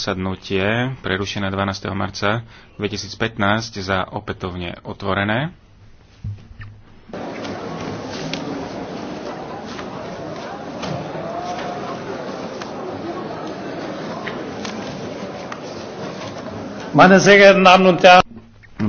zasadnutie prerušené 12. marca 2015 za opätovne otvorené. Meine sehr geehrten Damen und Herren,